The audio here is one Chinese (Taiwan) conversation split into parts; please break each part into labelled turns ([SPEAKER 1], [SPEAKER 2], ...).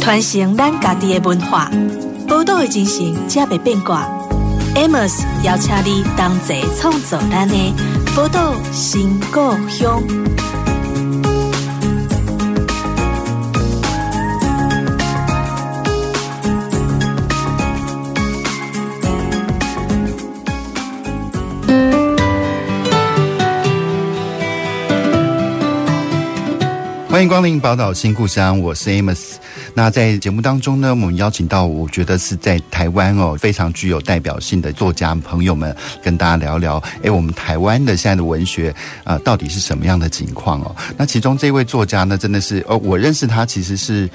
[SPEAKER 1] 傳承咱家己的文化，寶島的精神才袂變卦。Amos 要請你同齊創造咱的寶島新故鄉。
[SPEAKER 2] 歡迎光臨寶島新故鄉，我是 Amos。那在節目當中呢，我們邀請到我覺得是在台灣哦非常具有代表性的作家朋友們，跟大家聊聊，誒，我們台灣的現在的文學啊，呃，到底是什麼樣的情況哦？那其中這位作家呢，真的是，呃，哦，我認識他其實是，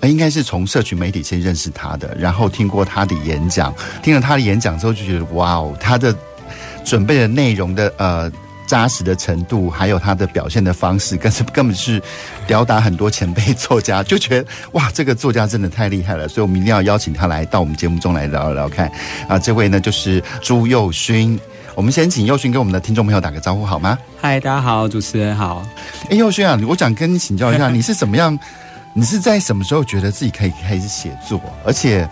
[SPEAKER 2] 呃，應該是從社群媒體先認識他的，然後聽過他的演講，聽了他的演講之後就覺得，哇哦，他的準備的內容的，呃。扎實的程度，還有他的表現的方式，跟根本是吊打很多前輩作家，就覺得哇，這個作家真的太厲害了，所以我們一定要邀請他來到我們節目中來聊一聊看啊！這位呢就是朱宥勳，我們先請宥勳跟我們的聽眾朋友打個招呼好嗎？嗨，大家好，主持人好。哎、欸，宥勳啊，我想跟你請教一下，你是怎麼樣， 你是在什麼時候覺得自己可以開始寫作，而且？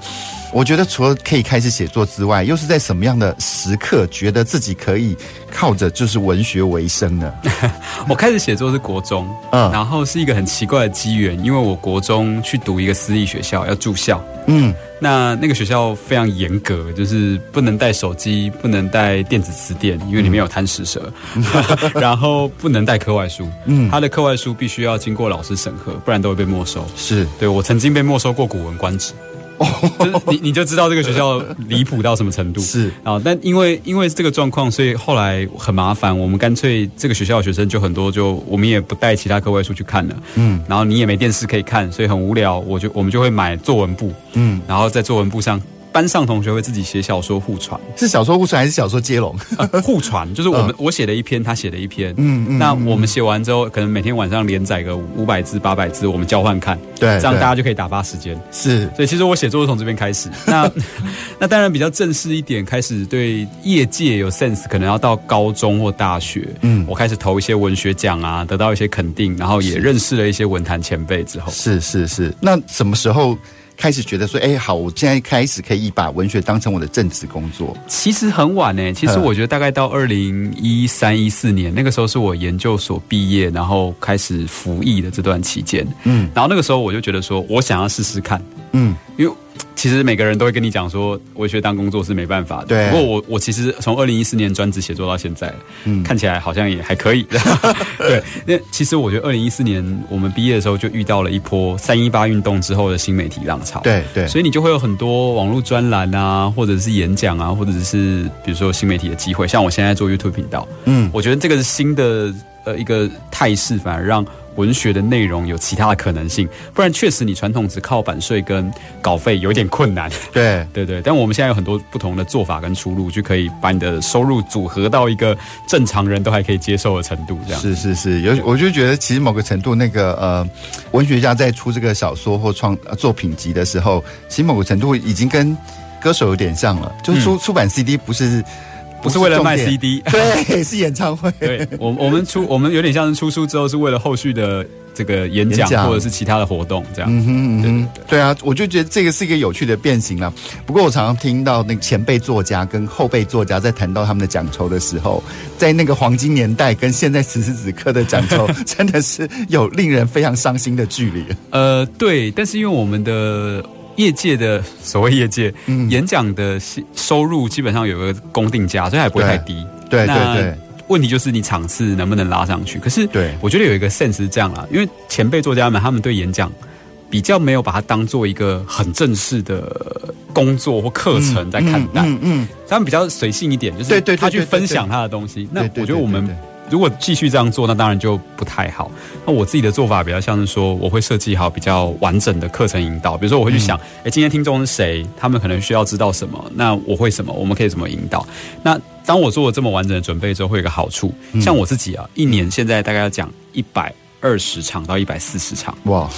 [SPEAKER 2] 我覺得除了可以開始寫作之外，又是在什麼樣的時刻覺得自己可以靠着就是文學為生呢？ 我開始寫作是國中，
[SPEAKER 1] 嗯，然後是一個很奇怪的機緣，因為我國中去讀一個私立學校要住校，嗯，那那個學校非常嚴格，就是不能帶手機、嗯，不能帶電子辭典，因為裡面有貪食蛇，嗯、 然後不能帶課外書，嗯，他的課外書必須要經過老師審核，不然都會被沒收。是，對，我曾經被沒收過《古文觀止哦，你你就知道這個學校離譜到什麼程度。是啊？然後，但因為因為這個狀況，所以後來很麻煩。我們乾脆這個學校的學生就很多就，就我們也不帶其他課外書去看了。嗯，然後你也沒電視可以看，所以很無聊。我就我們就會買作文簿，嗯，然後在作文簿上。班上同學會自己寫小說互傳，是
[SPEAKER 2] 小說互傳還是小說接龍
[SPEAKER 1] 呃？互傳就是我們、嗯、我寫了一篇，他寫了一篇，嗯嗯，那我們寫完之後、嗯，可能每天晚上連載個五百字、八百字，我們交換看，對，這樣大家就可以打發時間。是，所以其實我寫作是從這邊開始。那 那當然比較正式一點，開始對業界有 sense，可能要到高中或大學，
[SPEAKER 2] 嗯，我開
[SPEAKER 1] 始投一些文學獎啊，得到一些肯定，
[SPEAKER 2] 然後也認識了一些文壇前輩之後。是，是，是，是，是，那什麼時候？開始覺得說，哎、欸，好，我現在開始可以把文學當成我的正職工作。其實很晚呢、欸，其實我
[SPEAKER 1] 覺得大概到二零一三一四年，那個時候是我研究所畢業，然後開始服役的這段期間。嗯，然後那個時候我就覺得說，我想要試試看。嗯，因為。其實每個人都會跟你講說，我學當工作是沒辦法的。對，不過我我其實從二零一四年專職寫作到現在，嗯，看起來好像也還可以。 對，那其實我覺得二零一四年我們畢業的時候，就遇到了一波三一八運動之後的新媒體浪潮。對對，所以你就會有很多網絡專欄啊，或者是演講啊，或者是比如說新媒體的機會。像我現在做 YouTube 頻道，嗯，我覺得這個是新的呃一個態勢，反而讓。文學的內容有其他的可能性，不然確實你傳統只靠版稅跟稿費有點困難。對 對對，但我們現在有很多不同的做法跟出路，就可以把你的收
[SPEAKER 2] 入組合到一個正常人都還可以接受的程度。這樣是是是，有我就覺得其實某個程度那個呃，文學家在出這個小說或創作品集的時候，其實某個程度已經跟歌手有點像了，就出、嗯、出版 CD 不是。
[SPEAKER 1] 不是為了賣 CD，對，是演唱會。 對我，我們出我們有點像是出書之後，是為了後續的這個演講或者是其他的活動這
[SPEAKER 2] 樣。嗯嗯對，對，對，對啊，我就覺得這個是一個有趣的變形了。不過我常常聽到那個前輩作家跟後輩作家在談到他們的講酬的時候，在那個黃金年代跟現在此時此，此刻的講酬，真的是有令人非常傷心的距離。
[SPEAKER 1] 呃，對，但是因為我們的。業界的所謂業界、嗯、演講的收入基本上有一個公定價，所以還不會太低。對，那，對對對，問題就是你場次能不能拉上去。可是，我覺得有一個 sense 是這樣啦，因為前輩作家們他們對演講比較沒有把它當做一個很正式的工作或課程在看待。嗯，嗯，嗯，嗯，他們比較隨性一點，就是他去分享他的東西。對對對對對對對，那我覺得我們。如果繼續這樣做，那當然就不太好。那我自己的做法比較像是說，我會設計好比較完整的課程引導。比如說，我會去想，誒、嗯，今天聽眾是誰？他們可能需要知道什麼？那我會什麼？我們可以怎麼引導？那當我做了這麼完整的準備之後，會有一個好處、嗯。像我自己啊，一年現在大概要講一百。二十場到一百四十場，哇，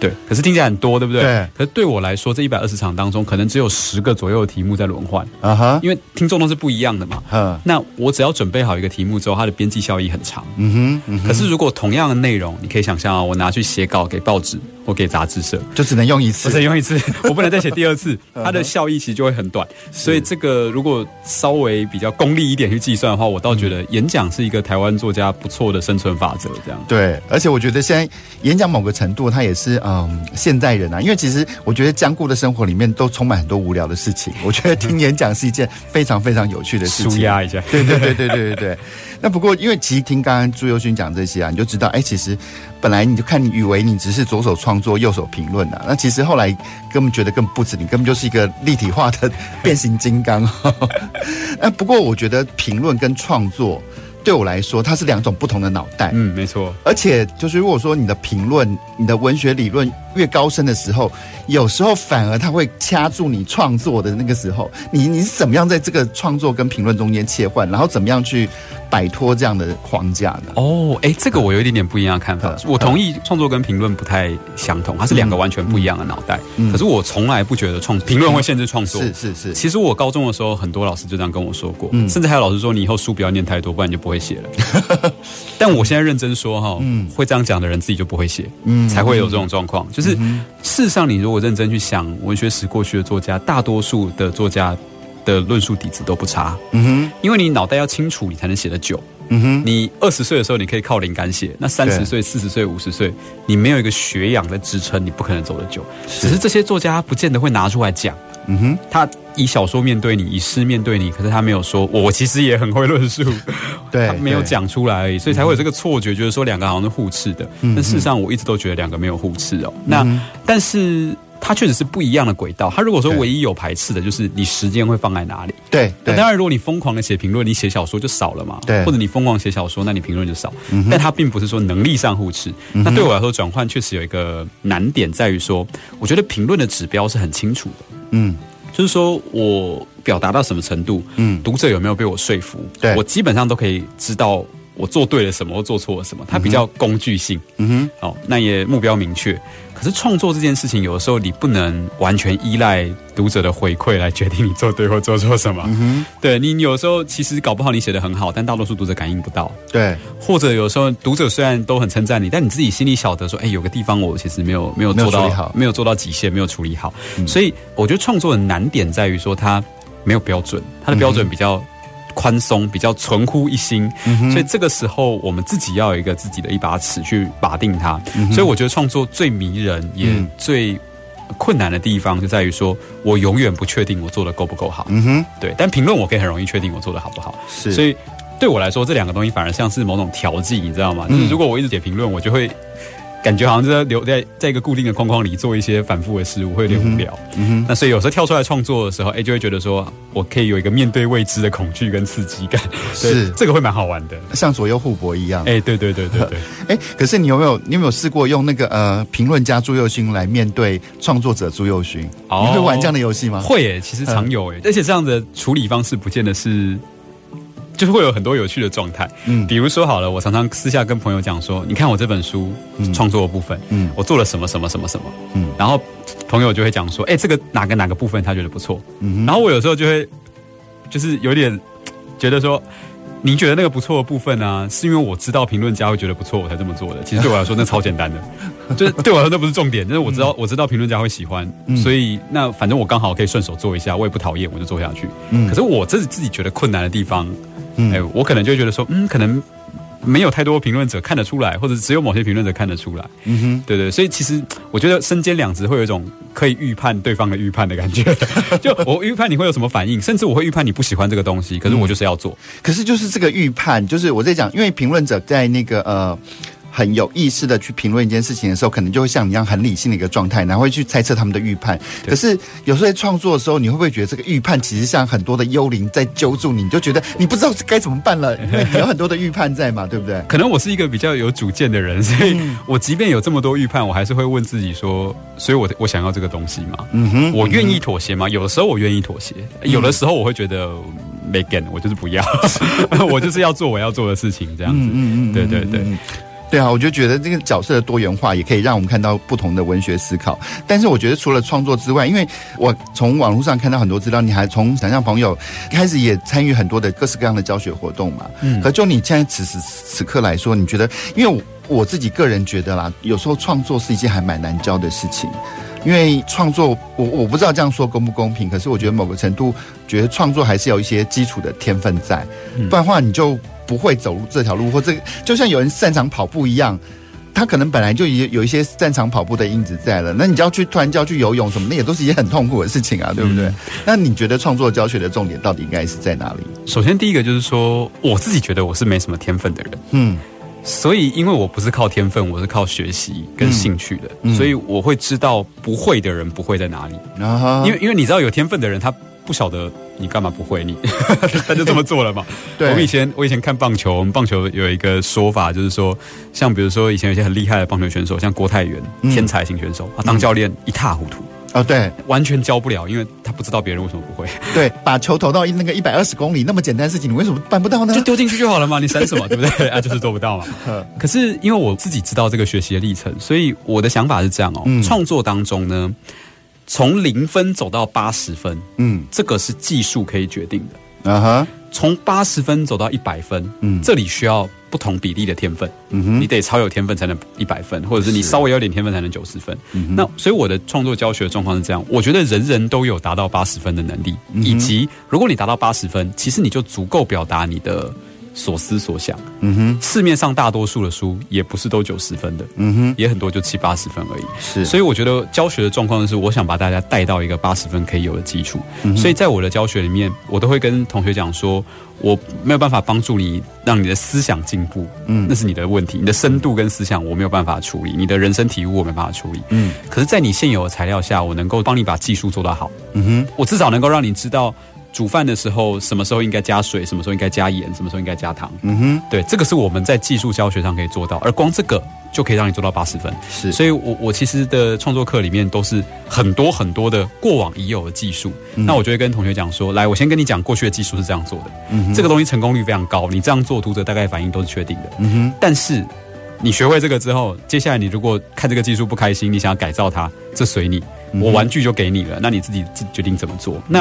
[SPEAKER 1] 對，可是聽起來很多，對不對？對，可是對我來說，這一百二十場當中，可能只有十個左右的題目在輪換啊哈，uh -huh. 因為聽眾都是不一樣的嘛，嗯、uh -huh.，那我只要準備好一個題目之後，它的邊際效益很長，嗯
[SPEAKER 2] 哼，可是
[SPEAKER 1] 如果同樣的內容，你可以想象啊、哦，我拿去寫稿給報紙。我給雜誌社，
[SPEAKER 2] 就只能用一次，我只能用一次，我不能再
[SPEAKER 1] 寫第二次。 它的效益其實就會很短， 所以這個如果稍微比較功利一點去計算的話，我倒覺得演講是一個台灣作家不錯的生存法則。這樣
[SPEAKER 2] 對，而且我覺得現在演講某個程度，它也是嗯現代人啊，因為其實我覺得僵固的生活裡面都充滿很多無聊的事情。我覺得聽演講是一件非常非常有趣的事情，舒壓一下。對對對對對對對。 那不過因為其實聽剛剛朱宥勳講這些啊，你就知道，哎、欸，其實。本來你就看你，以為你只是左手創作右手評論吶，啊，那其實後來根本覺得更不止你，你根本就是一個立體化的變形金剛，哦。 那不過我覺得評論跟創作對我來說，它是兩種不同的腦袋。嗯，沒錯。而且就是如果說你的評論，你的文學理論。越高深的時候，有時候反而他會掐住你創作的那個時候，你你是怎麼樣在這個創作跟評論中間切換，然後怎麼樣去擺脫這樣的框架呢？
[SPEAKER 1] 哦，哎，這個我有一點點不一樣的看法、嗯。我同意創作跟評論不太相同，嗯、它是兩個完全不一樣的腦袋。嗯、可是我從來不覺得創作評論會限制創作。嗯嗯、是是是。其實我高中的時候，很多老師就這樣跟我說過，嗯、甚至還有老師說：“你以後書不要念太多，不然你就不會寫了。嗯”但我現在認真說哈、哦嗯，會這樣講的人自己就不會寫，
[SPEAKER 3] 嗯，才會有這種
[SPEAKER 1] 狀況。就、嗯嗯可是，事實上，你如果認真去想文學史過去的作家，大多數的作家的論述底子都不差。嗯哼，因為你腦袋要清楚，你才能寫得久。嗯哼，你二十歲的時候你可以靠靈感寫，那三十歲、四十歲、五十歲，你沒有一個學養的支撐，你不可能走得久。只是這些作家不見得會拿出來講。嗯哼，他以小說面對你，以詩面對你，可是他沒有說，我其實也很會論述，對對 他沒有講出來而已，所以才會有這個錯覺，覺、嗯、得、就是、說兩個好像是互斥的、嗯。但事實上，我一直都覺得兩個沒有互斥哦。嗯、那、嗯、但是，他確實是不一樣的軌道。他如果說唯一有排斥的，就是你時間會放在哪裡？
[SPEAKER 2] 對，對當
[SPEAKER 1] 然，如果你瘋狂的寫評論，你寫小說就少了嘛。對，或者你瘋狂寫小說，那你評論就少。嗯、但他並不是說能力上互斥、嗯。那對我來說，轉換確實有一個難點，在於說，我覺得評論的指標是很清楚的。嗯，就是說我表達到什麼程度，嗯，讀者有沒有被我說服？對，我基本上都可以知道。我做對了什麼？我做錯了什麼？它比較工具性，嗯哼，好、哦，那也目標明確。可是創作這件事情，有的時候你不能完全依賴讀者的回饋來決定你做對或做錯什麼。嗯哼，對，你有時候其實搞不好你寫得很好，但大多數讀者感應不到。
[SPEAKER 2] 對，
[SPEAKER 1] 或者有時候讀者雖然都很稱讚你，但你自己心裡曉得說，哎、欸，有個地方我其實沒有沒有做到，好，沒有做到極限，沒有處理好。嗯、所以我覺得創作的難點在於說，它沒有標準，它的標準比較嗯寬鬆，比較存乎一心、嗯，所以這個時候我們自己要有一個自己的一把尺去把定它。嗯、所以我覺得創作最迷人也最困難的地方就在於，說我永遠不確定我做的夠不夠好。嗯哼，對。但評論我可以很容易確定我做的好不好。是。所以對我來說，這兩個東西反而像是某種調劑，你知道嗎？就是如果我一直寫評論，我就會。感覺好像在留在在一個固定的框框裡做一些反覆的事，我會有點無聊嗯。嗯哼，那所以有時候跳出來創作的時候，哎、欸，就會覺得說我可以有一個面對未知的恐懼跟刺激感，是 對，
[SPEAKER 2] 這個會蠻好玩的，像左右互搏一樣。哎、欸，對對對對對，對，哎、欸，可是你有沒有你有沒有試過用那個呃評論家朱宥勳來面對創作者朱宥勳、哦？你會玩這樣的遊戲嗎？會誒、欸，其實常有
[SPEAKER 1] 誒、欸嗯，而且這樣的處理方式不見得是。就是會有很多有趣的狀態，嗯，比如說好了，我常常私下跟朋友講說，你看我這本書創作的部分，嗯，嗯，我做了什麼什麼什麼什麼，嗯，然後朋友就會講說，哎，這個哪個哪個部分他覺得不錯，嗯，然後我有時候就會就是有點覺得說。你覺得那個不錯的部分呢、啊？是因為我知道評論家會覺得不錯，我才這麼做的。其實對我來說，那超簡單的， 就是對我來說那不是重點。就是我知道，嗯、我知道評論家會喜歡，嗯、所以那反正我剛好可以順手做一下，我也不討厭，我就做下去。嗯、可是我這是自己覺得困難的地方，哎、嗯欸，我可能就覺得說，嗯，可能。沒有太多評論者看得出來，或者只有某些評論者看得出來。嗯哼，對對，所以其實我覺得身兼兩職會有一種可以預判對方的預判
[SPEAKER 2] 的感覺的，就我預判
[SPEAKER 1] 你會有什麼反應，
[SPEAKER 2] 甚至我會預判你不喜歡這個東西，可是我就是要做。嗯。可是就是這個預判，就是我在講，因為評論者在那個呃。很有意識的去評論一件事情的時候，可能就會像你一樣很理性的一個狀態，然後會去猜測他們的預判。可是有時候在創作的時候，你會不會覺得這個預判其實像很多的幽靈在揪住你，你就覺得你不知道該怎麼辦了，因為有很多的預判在嘛，對不對？
[SPEAKER 1] 可能我是一個比較有主見的人，所以我即便有這麼多預判，我還是會問自己說，所以我我想要這個東西嗎？嗯哼，我願意妥協嗎？有的時候我願意妥協，有的時候我會覺得沒給、嗯，我就是不要， 我就是要做我要做的事情，這樣子。嗯嗯對，對對對。
[SPEAKER 2] 對啊，我就覺得這個角色的多元化也可以讓我們看到不同的文學思考。但是我覺得除了創作之外，因為我從網絡上看到很多資料，你還從想象朋友開始也參與很多的各式各樣的教學活動嘛。嗯。可就你現在此時此此刻來說，你覺得，因為我，我自己個人覺得啦，有時候創作是一件還蠻難教的事情。因為創作，我我不知道這樣說公不公平，可是我覺得某個程度，覺得創作還是有一些基礎的天分在，不然的話你就。嗯不會走路這條路，或者就像有人擅長跑步一樣，他可能本來就已經有一些擅長跑步的因子在了。那你就要去突然就要去游泳什麼，那也都是一件很痛苦的事情啊，對不對、嗯？那你覺得創作教學的重點到底應該是在哪裡？
[SPEAKER 1] 首先，第一個就是說，我自己覺得我是沒什麼天分的人，嗯，所以因為我不是靠天分，我是靠學習跟興趣的，嗯、所以我會知道不會的人不會在哪裡。
[SPEAKER 2] 啊、因為
[SPEAKER 1] 因為你知道有天分的人，他不曉得。你幹嘛不會你？他就這麼做了嘛？
[SPEAKER 2] 對，我們以前
[SPEAKER 1] 我以前看棒球，我們棒球有一個說法，就是說，像比如說以前有些很厲害的棒球選手，像郭泰源、嗯，天才型選手，他、啊、當教練、嗯、一塌糊塗啊、哦！對，完全教不了，因為他不知道別人為什麼不會。
[SPEAKER 2] 對，把球投到那個一百二十公里那麼簡單的事情，你為什麼辦不到呢？就丟進去就好了嘛，你想什麼對不對？
[SPEAKER 1] 啊，就是做不到嘛。可是因為我自己知道這個學習的歷程，所以我的想法是這樣哦。嗯、創作當中呢。從零分走到八十分，嗯，這個是技術可以決定的。啊哈，從八十分走到一百分，嗯，這裡需要不同比例的天分。嗯哼，你得超有天分才能一百分，或者是你稍微有點天分才能九十分。嗯，那所以我的創作教學的狀況是這樣，我覺得人人都有達到八十分的能力，以及如果你達到八十分，其實你就足夠表達你的。所思所想，嗯哼，市面上大多數的書也不是都九十分的，嗯哼，也很多就七八十分而已。是，所以我覺得教學的狀況就是，我想把大家帶到一個八十分可以有的基礎，嗯。所以在我的教學裡面，我都會跟同學講說，我沒有辦法幫助你讓你的思想進步，嗯，那是你的問題，你的深度跟思想我沒有辦法處理，你的人生體悟我沒辦法處理，嗯，可是，在你現有的材料下，我能夠幫你把技術做得好，嗯哼，我至少能夠讓你知道。煮飯的時候，什麼時候應該加水，什麼時候應該加鹽，什麼時候應該加糖。嗯哼，對，這個是我們在技術教學上可以做到，而光這個就可以讓你做到八十分。是，所以我我其實的創作課裡面都是很多很多的過往已有的技術。嗯。那我就會跟同學講說，來，我先跟你講過去的技術是這樣做的。嗯哼，這個東西成功率非常高，你這樣做，讀者大概反應都是確定的。嗯哼，但是你學會這個之後，接下來你如果看這個技術不開心，你想要改造它，這隨你。我玩具，就給你了，那你自己，自己決定怎麼做。那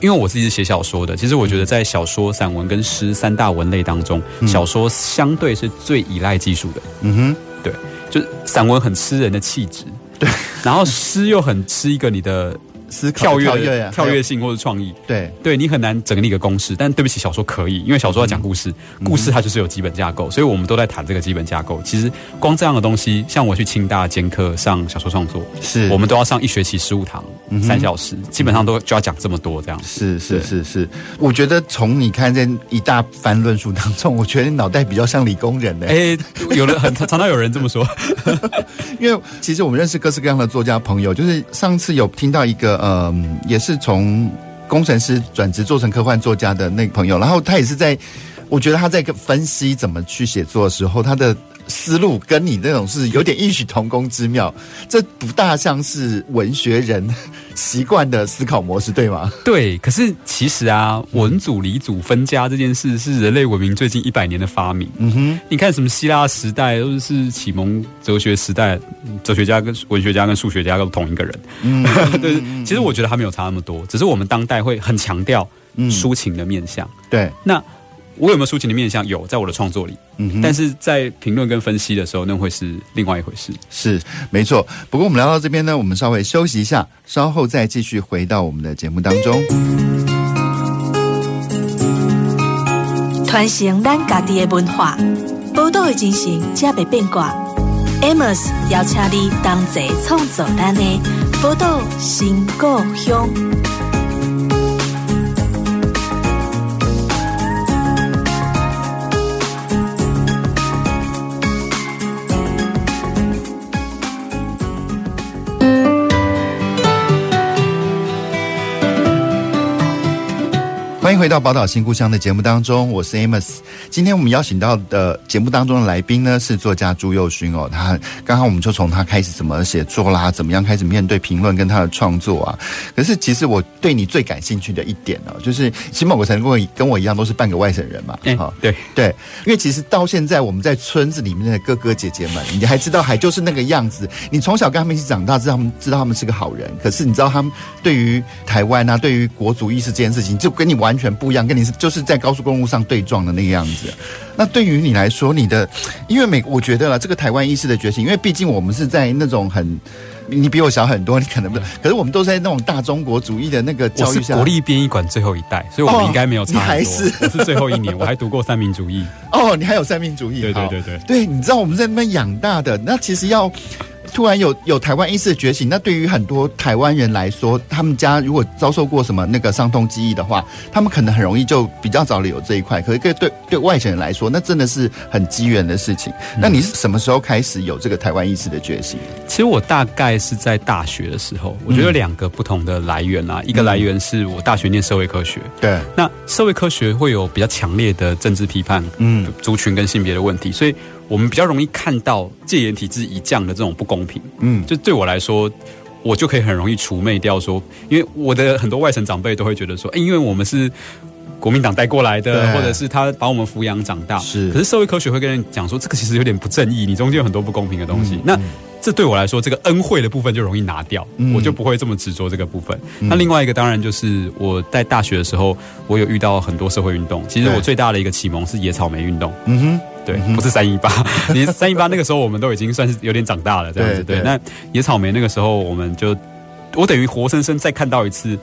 [SPEAKER 1] 因為我自己是寫小說的，其實我覺得在小說、散文跟詩三大文類當中，小說相對是最依賴技術的。嗯哼，對，就散文很吃人的氣質，對，然後詩又很吃一個你的。跳躍跳躍性或者創意，對對，你很難整理一個公式，但對不起，小說可以，因為小說要講故事、嗯，故事它就是有基本架構、嗯，所以我們都在談這個基本架構。其實光這樣的東西，像我去清大兼課上小說創作，是我們都要上一學期十五堂、嗯、三小時，基本上都就要講這麼多，這樣。嗯、是是是是，
[SPEAKER 2] 我覺得從你看這一大番論述當中，我覺得你腦袋比較像理工人的哎、欸，有了很常， 常常有人這麼說， 因為其實我們認識各式各樣的作家朋友，就是上次有聽到一個。嗯，也是從工程師轉職做成科幻作家的那個朋友，然後他也是在，我覺得他在分析怎麼去寫作的時候，他的。思路跟你那種是有點異曲同工之妙，這不大像是文學人習慣的思考模式，對嗎？
[SPEAKER 1] 對，可是其實啊，文組理組分家這件事是人類文明最近一百年的發明。嗯哼，你看什麼希臘時代，都是啟蒙哲學時代，哲學家跟文學家跟數學家都同一個人。嗯， 對，其實我覺得還沒有差那麼多，只是我們當代會很強調抒情的面向。嗯、對，那。我有沒有抒情的面向？有，在我的創作裡、嗯。但是在評論跟分析的時候，那會是另外一回
[SPEAKER 2] 事。是，沒錯。不過我們聊到這邊呢，我們稍微休息一下，稍後再繼續回到我們的節目當中。
[SPEAKER 1] 傳承咱各地的文化，報道會進行，加倍變卦。Amos 邀請你同齊創造咱的報道新故鄉。
[SPEAKER 2] 歡迎回到《寶島新故鄉》的節目當中，我是 Amos。今天我們邀請到的節目當中的來賓呢，是作家朱宥勳哦。他剛剛我們就從他開始怎麼寫作啦，怎麼樣開始面對評論跟他的創作啊。可是其實我對你最感興趣的一點哦、喔，就是起碼我才能夠跟我一樣，都是半個外省人嘛。哈、欸喔，對對，因為其實到現在我們在村子裡面的哥哥姐姐們，你還知道還就是那個樣子。你從小跟他們一起長大，知道他們知道他們是個好人，可是你知道他們對於台灣啊，對於國族意識這件事情，就跟你完。全不一樣，跟你是就是在高速公路上對撞的那個樣子。那對於你來說，你的因為每我覺得了這個台灣意識的覺醒，因為畢竟我們是在那種很你比我小很多，你可能不知道，可是我們都是在那種大中國主義的那個教育下。國立
[SPEAKER 1] 編譯館最後一代，所以我們應該沒有差很多，哦。你還是我是最後一年，我還讀過三民主義。
[SPEAKER 2] 哦，你還有三民主義？對對對對，對你知道我們在那邊養大的，那其實要。突然有有台灣意識的覺醒，那對於很多台灣人來說，他們家如果遭受過什麼那個傷痛記憶的話，他們可能很容易就比較早了有這一塊。可是對對外省人來說，那真的是很機緣的事情。嗯、那你是什麼時候開始有這個台灣意識的覺醒？
[SPEAKER 1] 其實我大概是在大學的時候，我覺得有兩個不同的來源啊、嗯，一個來源是我大學念社會科學，對、嗯，那社會科學會有比較強烈的政治批判，嗯，族群跟性別的問題，所以。我們比較容易看到戒嚴體制一降的這種不公平，嗯，就對我來說，我就可以很容易除魅掉說，因為我的很多外省長輩都會覺得說，哎，因為我們是國民黨帶過來的，或者是他把我們撫養長大，是。可是社會科學會跟人講說，這個其實有點不正義，你中間有很多不公平的東西。嗯嗯、那這對我來說，這個恩惠的部分就容易拿掉，嗯、我就不會這麼執着這個部分、嗯。那另外一個當然就是我在大學的時候，我有遇到很多社會運動，其實我最大的一個啟蒙是野草莓運動，嗯哼。對，不是三一八，你三一八那個時候我們都已經算是有點長大了這樣子。對，對對，那野草莓那個時候我們就，我等於活生生再看到一次。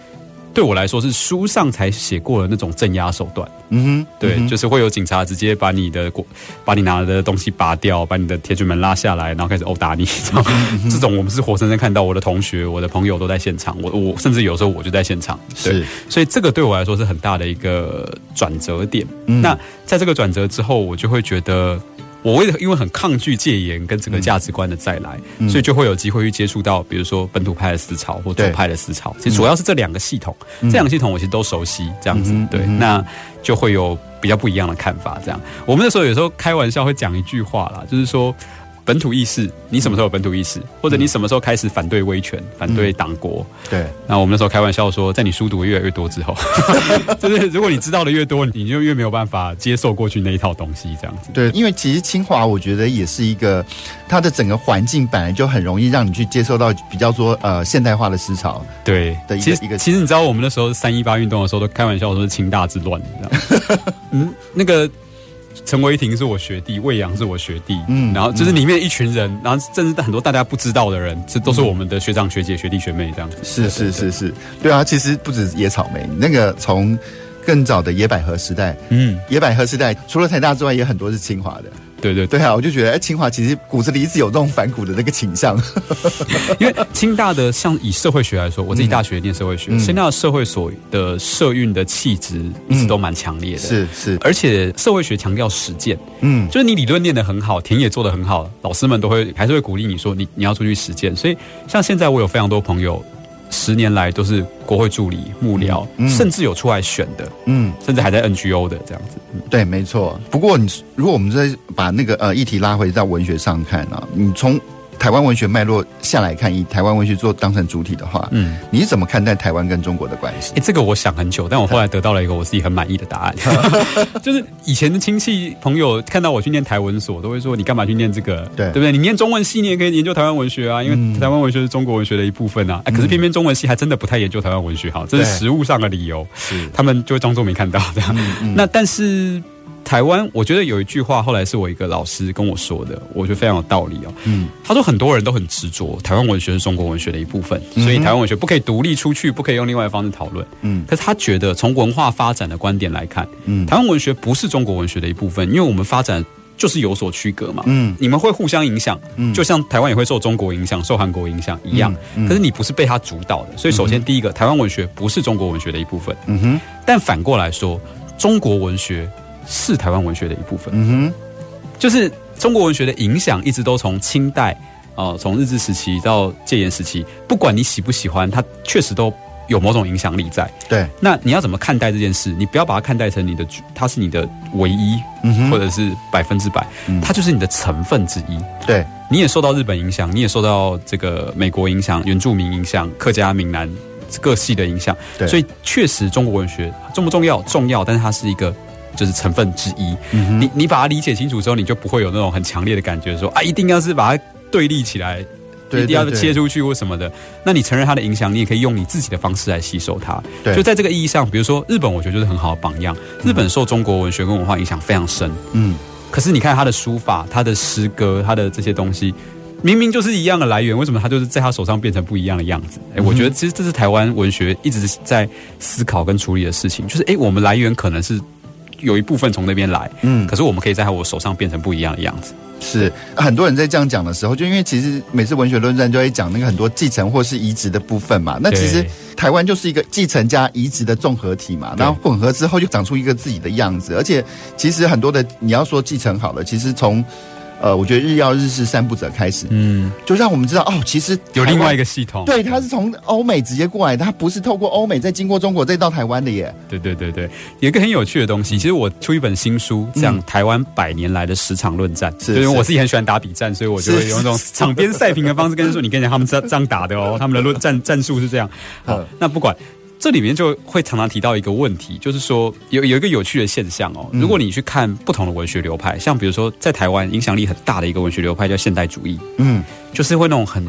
[SPEAKER 1] 對我來說，是書上才寫過的那種鎮壓手段。嗯
[SPEAKER 3] 哼，對、嗯哼，
[SPEAKER 1] 就是會有警察直接把你的過，把你拿的東西拔掉，把你的鐵捲門拉下來，然後開始毆打你，知道嗎？、嗯、這種我們是活生生看到，我的同學、我的朋友都在現場，我我甚至有時候我就在現場。對。是，所以這個對我來說是很大的一個轉折點、嗯。那在這個轉折之後，我就會覺得。我為了因為很抗拒戒嚴跟這個價值觀的再來，嗯嗯、所以就會有機會去接觸到，比如說本土派的思潮或左派的思潮。其實主要是這兩個系統，嗯、這兩個系統我其實都熟悉，這樣子、嗯嗯、對，那就會有比較不一樣的看法。這樣，我們那時候有時候開玩笑會講一句話啦，就是說。本土意識，你什麼時候有本土意識，嗯？或者你什麼時候開始反對威權、反對黨國？嗯、對。那我們那時候開玩笑說，在你書讀越來越多之後， 就是如果你知道的越多，你就越沒有辦法接受
[SPEAKER 2] 過去那一套東西，這樣子。對，因為其實清華我覺得也是一個，它的整個環境本來就很容易讓你去接受到比較說呃現代化的思潮，對的一個一個。
[SPEAKER 1] 其實你知道，我們那時候三一八運動的時候，都開玩笑說是清大之亂，你知道嗎？ 嗯，那個。陳為廷是我學弟，魏揚是我學弟，嗯，然後就是裡面一群人，嗯、然後甚至很多大家不知道的人，這都是我們的學長學姐、嗯、學弟學妹這
[SPEAKER 2] 樣子。是對對對是是是，是，對啊，其實不止野草莓，那個從更早的野百合時代，嗯，野百合時代除了台大之外，也很多是清華的。對對，對對對啊！我就覺得，哎、欸，清華其實骨子裡一直有這種反骨的那個傾向，
[SPEAKER 1] 因為清大的像以社會學來說，我自己大學念社會學，清、嗯嗯、大的社會所的社運的氣質一直都蠻強烈的，嗯、是是，而且社會學強調實踐，嗯，就是你理論念得很好，田野做得很好，老師們都會還是會鼓勵你說你，你你要出去實踐，所以像現在我有非常多朋友。十年來都是國會
[SPEAKER 2] 助理、幕僚，嗯嗯，甚至有出來選的，嗯，甚至還在 NGO 的這樣子。嗯、對，沒錯。不過你如果我們再把那個呃議題拉回到文學上看啊，你從。台灣文學脈絡下來看，以台灣文學做當成主體的話，嗯，你是怎麼看待台灣跟中國的關係？
[SPEAKER 1] 哎、欸，這個我想很久，但我後來得到了一個我自己很滿意的答案， 就是以前的親戚朋友看到我去念台文所，都會說你幹嘛去念這個？對，對不對？你念中文系，你也可以研究台灣文學啊，因為台灣文學是中國文學的一部分啊。哎、欸，可是偏偏中文系還真的不太研究台灣文學，哈，這是實務上的理由，是他們就會裝作沒看到這樣。那但是。台灣，我覺得有一句話，後來是我一個老師跟我說的，我覺得非常有道理哦、喔。嗯，他說很多人都很執着，台灣文學是中國文學的一部分，所以台灣文學不可以獨立出去，不可以用另外的方式討論。嗯，可是他覺得從文化發展的觀點來看，台灣文學不是中國文學的一部分，因為我們發展就是有所區隔嘛。嗯，你們會互相影響、嗯，就像台灣也會受中國影響、受韓國影響一樣、嗯嗯。可是你不是被他主導的，所以首先第一個，嗯、台灣文學不是中國文學的一部分。嗯哼，但反過來說，中國文學。是台灣文學的一部分。嗯哼，就是中國文學的影響一直都從清代啊，呃、從日治時期到戒嚴時期，不管你喜不喜歡，它確實都有某種影響力在。對，那你要怎麼看待這件事？你不要把它看待成你的，它是你的唯一，嗯哼，或者是百分之百，嗯、它就是你的成分之一。對，你也受到日本影響，你也受到這個美國影響、原住民影響、客家、閩南各系的影響。對，所以確實中國文學重不重要？重要，但是它是一個。就是成分之一，嗯、你你把它理解清楚之後，你就不會有那種很強烈的感覺說，說啊一定要是把它對立起來對對對，一定要切出去或什麼的。那你承認它的影響，你也可以用你自己的方式來吸收它。對就在這個意義上，比如說日本，我覺得就是很好的榜樣。日本受中國文學跟文化影響非常深，嗯，可是你看他的書法、他的詩歌、他的這些東西，明明就是一樣的來源，為什麼他就是在他手上變成不一樣的樣子？哎、嗯欸，我覺得其實這是台灣文學一直在思考跟處理的事情，就是哎、欸，我們來源可能是。有一部分從那邊來，嗯，可是我們可以在我手上變成不一樣的樣子。嗯，
[SPEAKER 2] 是，很多人在這樣講的時候，就因為其實每次文學論戰就會講那個很多繼承或是移植的部分嘛。那其實台灣就是一個繼承加移植的綜合體嘛，然後混合之後就長出一個自己的樣子。而且其實很多的你要說繼承好了，其實從。呃，我覺得日曜、日式三步走開始，嗯，就讓我們知道哦，其實有另外一個系統，對，它是從歐美直接過來的，它不是透過歐美再經過中國再到台灣的耶。
[SPEAKER 1] 對對對對，有一個很有趣的東西。其實我出一本新書，叫《台灣百年來的十場論戰》，嗯，就是因為我自己很喜歡打筆戰，所以我就會用一種場邊賽評的方式跟人，你跟他說：“你跟著他們這樣這樣打的哦，他們的論戰戰術是這樣。好”好、嗯，那不管。這裡面就會常常提到一個問題，就是說有有一個有趣的現象哦，如果你去看不同的文學流派，像比如說在台灣影響力很大的一個文學流派叫現代主義，嗯，就是會那種很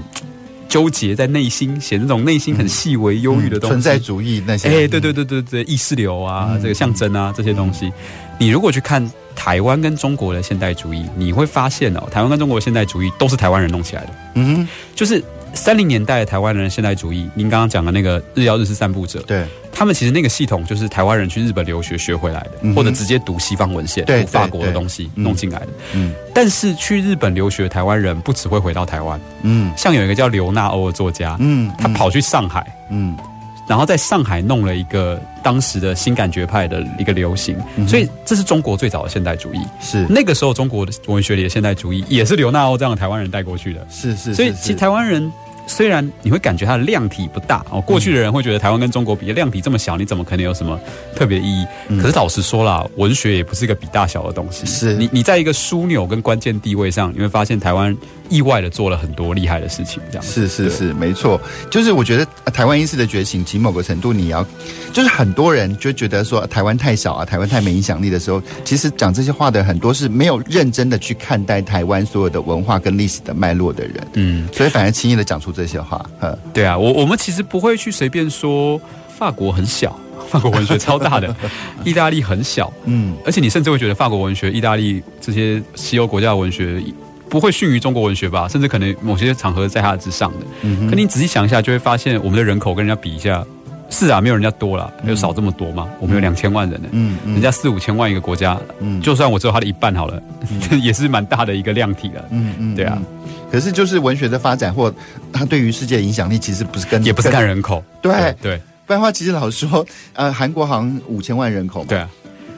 [SPEAKER 1] 糾結在內心寫那種內心很細微憂鬱的東西，嗯嗯。存在主
[SPEAKER 2] 義那些，哎，欸，
[SPEAKER 1] 對對對對對，意識流啊，嗯，這個象徵啊，這些東西，你如果去看台灣跟中國的現代主義，你會發現哦，台灣跟中國的現代主義都是台灣人弄起來的，嗯，就是。三零年代的台灣人現代主義，您剛剛講的那個《日曜日式散步者》，對，他們其實那個系統就是台灣人去日本留學學回來的，嗯、或者直接讀西方文獻、讀法國的東西弄進來的，對對對。嗯，但是去日本留學台灣人不只會回到台灣，嗯，像有一個叫劉吶鷗的作家，嗯，他跑去上海，嗯。嗯嗯然後在上海弄了一個當時的新感覺派的一個流行，所以這是中國最早的現代主義。是那個時候中國的文學裡的現代主義也是劉吶鷗這樣的台灣人帶過去的。是是，是，是，是，所以其實台灣人。雖然你會感覺它的量體不大哦，過去的人會覺得台灣跟中國比，量體這麼小，你怎麼可能有什麼特別的意義？嗯、可是老實說啦，文學也不是一個比大小的東西。是你你在一個樞紐跟關鍵地位上，你會發現台灣意外的做了很多
[SPEAKER 2] 厲害的事情，這樣是是是，是是，沒錯。就是我覺得、啊、台灣意識的覺醒，其實某個程度你要，就是很多人就覺得說、啊、台灣太小啊，台灣太沒影響力的時候，其實講這些話的很多是沒有認真的去看待台灣所有的文化跟歷史的脈絡的人，嗯，所以反而輕易的講出這。這些話，呃，
[SPEAKER 1] 對啊，我我們其實不會去隨便說法國很小，法國文學超大的， 意大利很小，嗯，而且你甚至會覺得法國文學、意大利這些西歐國家的文學不會遜於中國文學吧？甚至可能某些場合在它之上的。嗯，可你仔細想一下，就會發現我們的人口跟人家比一下。是啊，沒有人家多了，沒有少這麼多嘛。嗯、我們有兩千萬人呢、欸，嗯嗯,嗯，人家四五千萬一個國家，嗯，就算我只有他的一半好了，嗯、也是蠻大的一個量體
[SPEAKER 2] 了，嗯嗯，對啊。
[SPEAKER 1] 可是就是文學
[SPEAKER 2] 的發展或它對於世界影響力，其實不是跟，也不是看人口，對對,對。不然的話，其實老實說，呃，韓國好像五千萬人口嘛，對啊。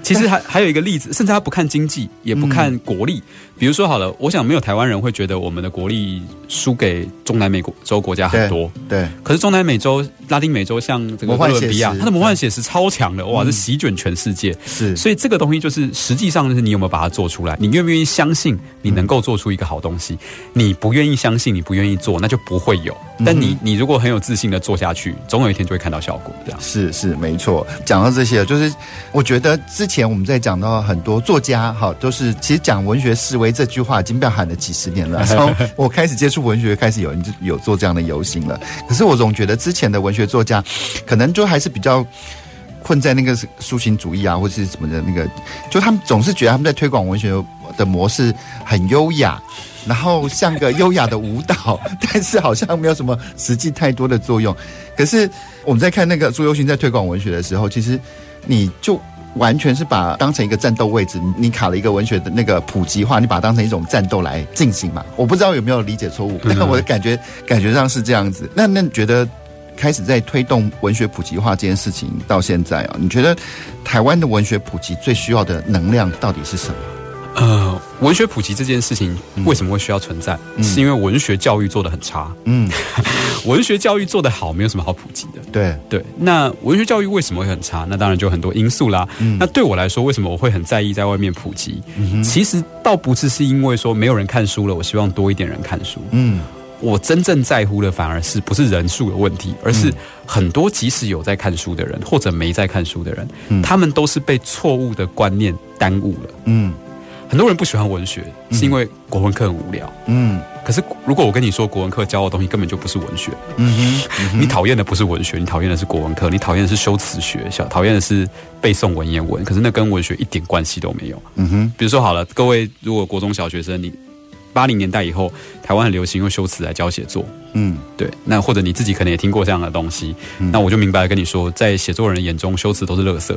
[SPEAKER 2] 其實還還有一個例子，甚至他不
[SPEAKER 1] 看經濟，也不看國力。嗯比如說好了，我想沒有台灣人會覺得我們的國力輸給中南美洲國,國家很多對。對，可是中南美洲、拉丁美洲，像這個哥倫比亞，它的魔幻寫實超強的、嗯，哇，是席捲全世界。是，所以這個東西就是實際上就是你有沒有把它做出來，你願不願意相信你能夠做出一個好東西？嗯、你不願意相信，你不願意做，那就不會有。但你你如果很有自信的做下去，總有一天就會看到效果。這
[SPEAKER 2] 樣是是沒錯。講到這些，就是我覺得之前我們在講到很多作家，哈，都、就是其實講文學思維。這句話已經被喊了幾十年了。從我開始接觸文學，開始有人就有做這樣的遊行了。可是我總覺得之前的文學作家，可能就還是比較困在那個抒情主義啊，或者是什麼的那個，就他們總是覺得他們在推廣文學的模式很優雅，然後像個優雅的舞蹈，但是好像沒有什麼實際太多的作用。可是我們在看那個朱宥勳在推廣文學的時候，其實你就。完全是把當成一個戰鬥位置，你卡了一個文學的那個普及化，你把它當成一種戰鬥來進行嘛。我不知道有沒有理解錯誤，是但我的感覺感覺上是這樣子。那那你覺得開始在推動文學普及化這件事情到現在啊，你覺得台灣的文學普及最需要的能量到底是什麼？呃，文學普及這件事情為什麼會需要存在？嗯、是因為文學教
[SPEAKER 1] 育做得很差。嗯， 文學教育做得好，沒有什麼好普及的。對對，那文學教育為什麼會很差？那當然就很多因素啦。嗯、那對我來說，為什麼我會很在意在外面普及、嗯？其實倒不是是因為說沒有人看書了，我希望多一點人看書。嗯，我真正在乎的反而是不是人數的問題，而是很多即使有在看書的人，或者沒在看書的人，嗯、他們都是被錯誤的觀念耽誤了。嗯。很多人不喜歡文學，是因為國文課很無聊。嗯，可是如果我跟你說，國文課教的東西根本就不是文學。嗯
[SPEAKER 3] 哼，嗯哼。
[SPEAKER 1] 你討厭的不是文學，你討厭的是國文課，你討厭的是修辭學校，討厭的是背誦文言文。可是那跟文學一點關係都沒有。嗯哼，比如說好了，各位如果國中小學生你。八零年代以後，台灣很流行用修辭來教寫作。嗯，對。那或者你自己可能也聽過這樣的東西。嗯、那我就明白跟你說，在寫作人的眼中，修辭都是垃圾、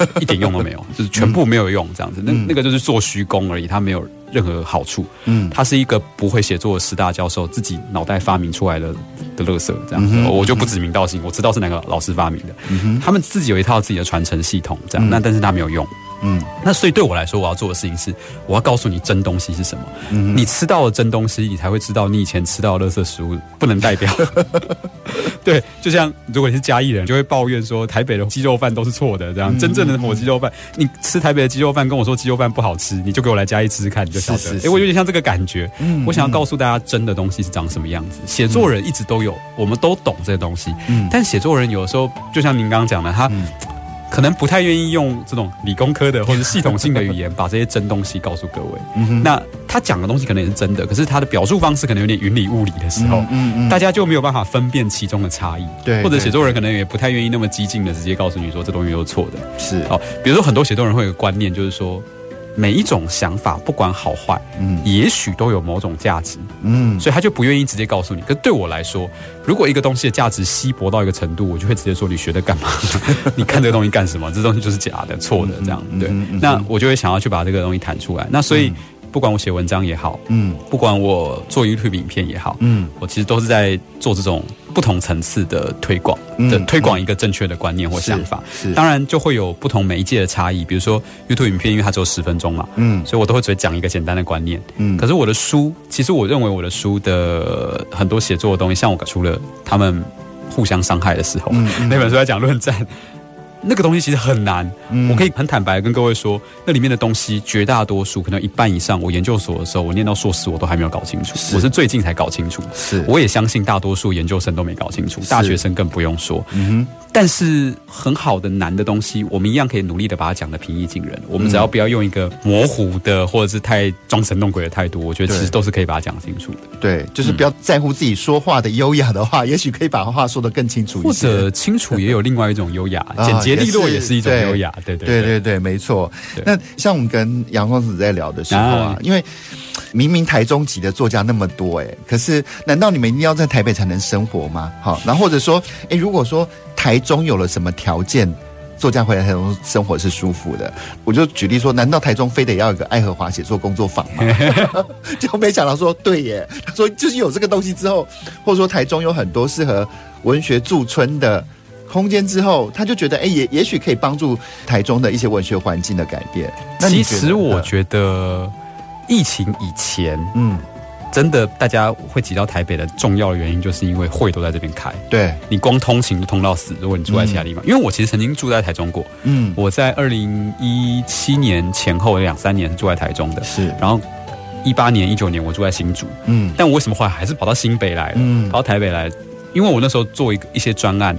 [SPEAKER 1] 嗯，一點用都沒有，就是全部沒有用，這樣子。嗯、那那個就是做虛功而已，它沒有任何好處。嗯，它是一個不會寫作的師大教授自己腦袋發明出來的的垃圾，這樣子、嗯哦。我就不指名道姓、嗯，我知道是哪個老師發明的。嗯、哼，他們自己有一套自己的傳承系統這、嗯，這樣。那但是他沒有用。嗯，那所以對我來說，我要做的事情是，我要告訴你真東西是什麼。嗯，你吃到了真東西，你才會知道你以前吃到的垃圾食物不能代表。 對，就像如果你是嘉義人，就會抱怨說台北的雞肉飯都是錯的，這樣、嗯、真正的火雞肉飯、嗯，你吃台北的雞肉飯，跟我說雞肉飯不好吃，你就給我來嘉義吃吃看，你就曉得。哎、欸，我有點像這個感覺。嗯，我想要告訴大家，真的東西是長什麼樣子。寫作人一直都有，嗯、我們都懂這些東西。嗯，但寫作人有的時候，就像您剛剛講的，他。可能不太願意用這種理工科的或者系統性的語言把這些真東西告訴各位。嗯、那他講的東西可能也是真的，可是他的表述方式可能有點雲裡霧裡的時候、嗯嗯嗯，大家就沒有辦法分辨其中的差異。對，或者寫作人可能也不太願意那麼激進的直接告訴你說這東西是錯的。是、哦、比如說很多寫作人會有個觀念，就是說。每一種想法，不管好壞，嗯，也許都有某種價值，嗯，所以他就不願意直接告訴你。可是對我來說，如果一個東西的價值稀薄到一個程度，我就會直接說：“你學的幹嘛？ 你看這個東西幹什麼？ 這東西就是假的、錯的，這、嗯、樣、嗯、對。嗯”那我就會想要去把這個東西談出來。那所以。嗯不管我寫文章也好，嗯，不管我做 YouTube 影片也好，嗯，我其實都是在做這種不同層次的推廣，嗯、的推廣一個正確的觀念或想法。是，當然就會有不同媒介的差異。比如說 YouTube 影片，因為它只有十分鐘嘛，嗯，所以我都會只會講一個簡單的觀念。嗯，可是我的書，其實我認為我的書的很多寫作的東西，像我除了他們互相傷害的時候，嗯、 那本書在講論戰。那個東西其實很難，嗯，我可以很坦白跟各位說，那裡面的東西絕大多數可能一半以上，我研究所的時候，我念到碩士我都還沒有搞清楚，是，我是最近才搞清楚。是，我也相信大多數研究生都沒搞清楚，大學生更不用說。嗯哼。但是很好的難的東西，我們一樣可以努力的把它講的平易近人，嗯。我們只要不要用一個模糊的或者是太裝神弄鬼的態度，我覺得其實都是可以把它講清楚的。
[SPEAKER 2] 對，就是不要在乎自己說話的優雅的話，嗯、也許可以把話說得更清楚一些。或者清楚也有另外一種優雅， 簡潔利落也是一種優雅，哦對。對對對，對對對，沒錯。那像我們跟楊公子在聊的時候啊，啊因為。明明台中籍的作家那麼多，欸、可是難道你們一定要在台北才能生活嗎？好，然後或者說誒，如果說台中有了什麼條件，作家回來台中生活是舒服的，我就舉例說，難道台中非得要一個愛荷華寫作工作坊嗎？ 就沒想到說對耶，他說就是有這個東西之後，或者說台中有很多適合文學駐村的空間之後，他就覺得誒也也許可以幫助台中的一些文學環境的改變。其實那你覺得我覺
[SPEAKER 1] 得。疫情以前，嗯，真的，大家會擠到台北的重要的原因，就是因為會都在這邊開。對，你光通勤就通到死，如果你住在其他地方。嗯，因為我其實曾經住在台中過，嗯，我在二零一七年前後兩三年住在台中的，是。然後一八年、一九年我住在新竹，嗯，但我為什麼後來還是跑到新北來了？嗯，跑到台北來，因為我那時候做一個一些專案。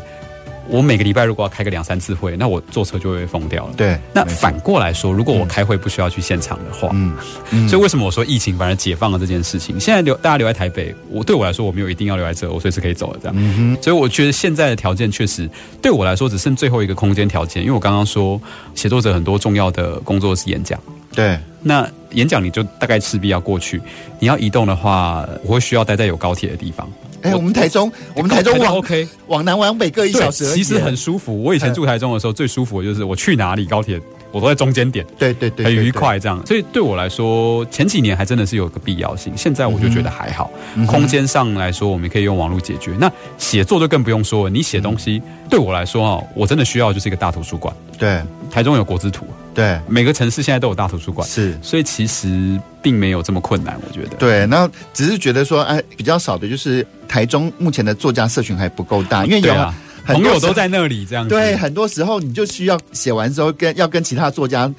[SPEAKER 1] 我每個禮拜如果要開個兩三次會，那我坐車就會瘋掉了。對，那反過來說，嗯，如果我開會不需要去現場的話，嗯，嗯 所以為什麼我說疫情反而解放了這件事情？現在留大家留在台北，我對我來說我沒有一定要留在這，我隨時可以走了這樣。嗯哼，所以我覺得現在的條件確實對我來說只剩最後一個空間條件，因為我剛剛說，寫作者很多重要的工作是演講，對，那演講你就大概勢必要過去，你要移動的話，我會需要待在有高鐵的地方。
[SPEAKER 2] 哎、欸，我們台中，我，我們台中往台中 OK, 往南往北各一小時，其實很
[SPEAKER 1] 舒服。我以前住台中的時候，欸、最舒服的就是我去哪裡高鐵，我都在中間點。對對對，很愉快這樣對對對對。所以對我來說，前幾年還真的是有個必要性。現在我就覺得還好，嗯、空間上來說，我們可以用網絡解決。嗯、那寫作就更不用說，了，你寫東西、嗯、對我來說啊，我真的需要的就是一個大圖書館。對，台中有國之圖。對，每個城市，現在都有大圖書館，是，
[SPEAKER 2] 所以其實並沒有這麼困難，我覺得。對，那只是覺得說，哎、呃，比較少的就是台中目前的作家社群還不夠大，因為有很多時、啊、朋友都在那
[SPEAKER 1] 裡，這樣子。對，
[SPEAKER 2] 很多時候你就需要寫完之後跟要跟其他作家。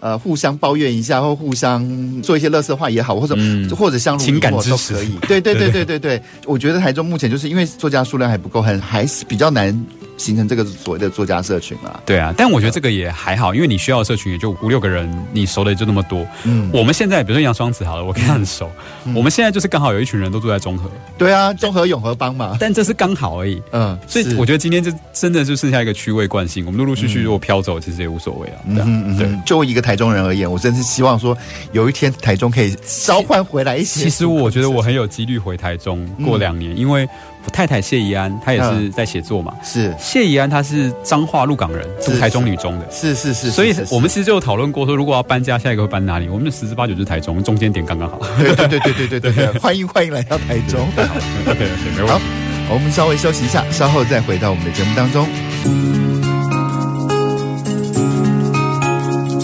[SPEAKER 2] 呃，互相抱怨一下，或互相做一些垃圾話也好，或者、嗯、或者相濡以沫都可以。對，對對對對對對，我覺得台中目前就是因為作家數量還不夠很，很還是比較難形成這個所謂的作家社群嘛、啊。對
[SPEAKER 1] 啊，但我覺得這個也還好，因為你需要的社群也就五六個人，你熟的也就那麼多。嗯，我們現在比如說楊雙子好了，我跟他很熟、嗯。我們現在就是剛好有一群人都住在中和。對啊，
[SPEAKER 2] 中和永和幫嘛。但這是剛好而已。嗯。
[SPEAKER 1] 所以我覺得今天就真的就剩下一個區位慣
[SPEAKER 2] 性，我們陸陸續續，續如
[SPEAKER 1] 果飄走、嗯，其實也無所
[SPEAKER 2] 謂啊。嗯嗯、啊。對，就一個台。台中人而言，我真是希望說有一天台中可以召喚回來一些。其實我覺得我很有
[SPEAKER 1] 幾率回台中過兩年，嗯，因為我太太謝宜安，她也是在寫作嘛。是謝宜安，她是彰化鹿港人，是台中女中的，是是是，是，所以我們其實就有討論過說，如果要搬家，下一個會搬哪裡？我們的十之八九就是台中，中間點剛剛好。對對對對對 對，對對，
[SPEAKER 2] 歡迎歡迎來到台中。對，對，好，對，對，對，好，我們稍微休息一下，稍後再回到我們的節目當中。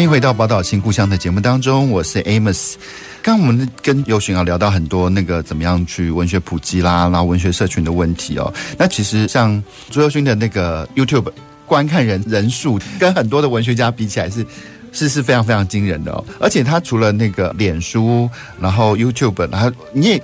[SPEAKER 2] 歡迎回到《寶島新故鄉》的節目當中，我是 Amos。剛剛我們跟宥勳啊聊到很多那個怎麼樣去文學普及啦，然後文學社群的問題哦。那其實像朱宥勳的那個 YouTube 觀看人人數，跟很多的文學家比起來是是是非常非常驚人的哦。而且他除了那個臉書，然後 YouTube，然後你也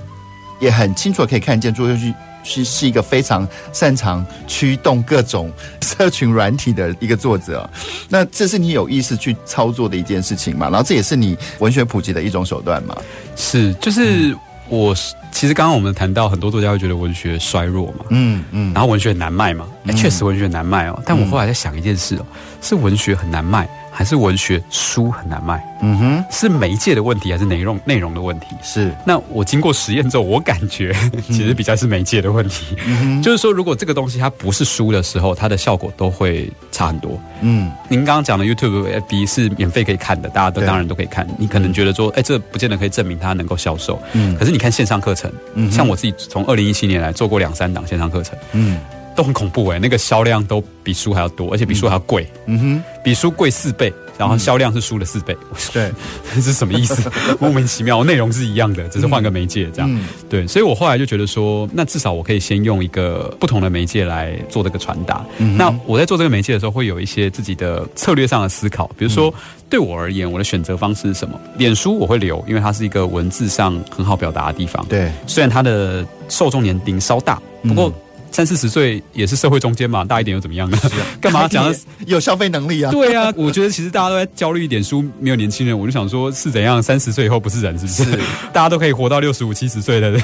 [SPEAKER 2] 也很清楚可以看見朱宥勳。是是一個非常擅長驅動各種社群軟體的一個作者，那這是你有意識去操作的一件事情嘛？然後這也是你文學普及的一種手段嘛？是，就是
[SPEAKER 1] 我、嗯、其實剛剛我們談到很多作家會覺得文學衰弱嘛，嗯嗯，然後文學很難賣嘛，哎，確實文學很難賣哦。嗯、但我後來在想一件事哦，是文學很難賣。還是文學書很難賣，嗯哼，是媒介的問題還是內容內容的問題？是。那我經過實驗之後，我感覺其實比較是媒介的問題，嗯哼，就是說如果這個東西它不是書的時候，它的效果都會差很多。嗯，您剛剛講的 YouTube FB 是免費可以看的，大家都當然都可以看。你可能覺得說，哎，這不見得可以證明它能夠銷售。嗯，可是你看線上課程，嗯，像我自己從二零一七年來做過兩三檔線上課程，嗯。嗯都很恐怖誒、欸，那個銷量都比書還要多，而且比書還要貴。嗯哼，比書貴四倍，然後銷量是書的四倍，嗯。對，這是什麼意思？ 莫名其妙，內容是一樣的，只是換個媒介這樣，嗯。對，所以我後來就覺得說，那至少我可以先用一個不同的媒介來做這個傳達，嗯。那我在做這個媒介的時候，會有一些自己的策略上的思考，比如說、嗯、對我而言，我的選擇方式是什麼？臉書我會留，因為它是一個文字上很好表達的地方。對，雖然它的受眾年齡稍大，不過。嗯三四十歲也是社會中間嘛，大一點又怎麼樣呢？幹、啊、嘛講
[SPEAKER 2] 有消費能力啊？對
[SPEAKER 1] 啊，我覺得其實大家都在焦慮一點，書沒有年輕人。我就想說，是怎樣三十歲以後不是人是不是？是大家都可以活到六十五、七十歲了，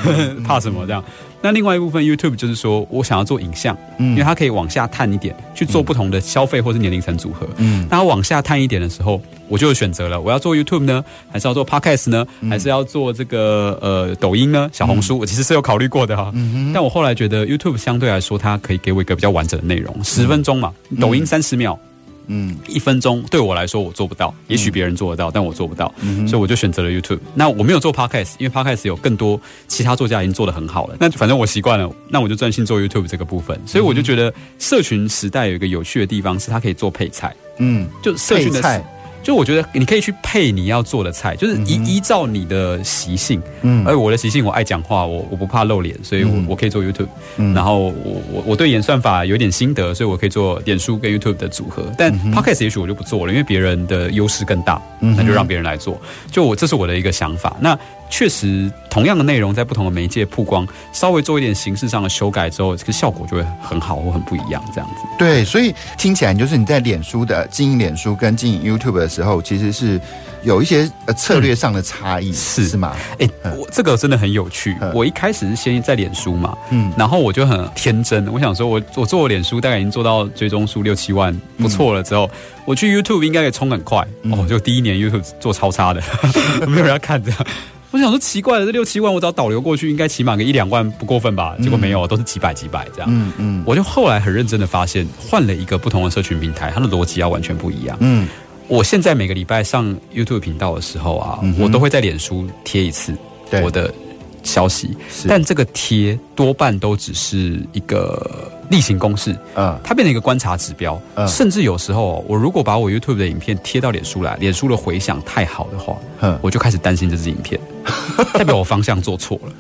[SPEAKER 1] 怕什麼這樣？那另外一部分 YouTube 就是說我想要做影像，嗯，因為它可以往下探一點，去做不同的消費或是年齡層組合。那，嗯、它往下探一點的時候，我就有選擇了，我要做 YouTube 呢，還是要做 Podcast 呢，嗯、還是要做這個呃抖音呢，小紅書？嗯、我其實是有考慮過的哈，啊嗯。但我後來覺得 YouTube 相對來說，它可以給我一個比較完整的內容，十，嗯、分鐘嘛，抖音三十秒。嗯嗯嗯，一分鐘對我來說我做不到，也許別人做得到，嗯，但我做不到，嗯，所以我就選擇了 YouTube。那我沒有做 Podcast，因為 Podcast 有更多其他作家已經做得很好了。那反正我習慣了，那我就專心做 YouTube 這個部分。所以我就覺得社群時代有一個有趣的地方是它可以做配菜，
[SPEAKER 3] 嗯，就社群的配菜。
[SPEAKER 1] 就我覺得，你可以去配你要做的菜，就是依依照你的習性，嗯，而我的習性，我愛講話，我我不怕露臉，所以我、嗯、我可以做 YouTube，、嗯、然後我我我對演算法有點心得，所以我可以做臉書跟 YouTube 的組合，但 Podcast 也許我就不做了，因為別人的優勢更大，那就讓別人來做。就我這是我的一個想法。那。確實，同樣的內容在不同的媒介曝光，稍微做一點形式上的修改之後，這個效果就會很
[SPEAKER 2] 好或很不一樣，這樣子。對，所以聽起來就是你在臉書的經營臉書跟經營 YouTube 的時候，其實是有一些呃策略上的差異，是、嗯、是嗎？哎，我
[SPEAKER 1] 這個真的很有趣。我一開始是先在臉書嘛，嗯，然後我就很天真，我想說我我做臉書大概已經做到追蹤數六七萬，不錯了。之後、嗯、我去 YouTube 應該也衝很快、嗯、哦，就第一年 YouTube 做超差的，嗯、 沒有人要看的。我想說奇怪了，這六七萬我只要導流過去，應該起碼個一兩萬不過分吧？嗯、結果沒有，都是幾百幾百這樣。嗯嗯，我就後來很認真的發現，換了一個不同的社群平台，它的邏輯要完全不一樣。嗯，我現在每個禮拜上 YouTube 頻道的時候啊，嗯、我都會在臉書貼一次我的消息，但這個貼多半都只是一個。例行公事，嗯，它變成一個觀察指標，嗯，甚至有時候，我如果把我 YouTube 的影片貼到臉書來，臉書的回響太好的話，嗯，我就開始擔心這支影片呵呵，代表我方向做錯了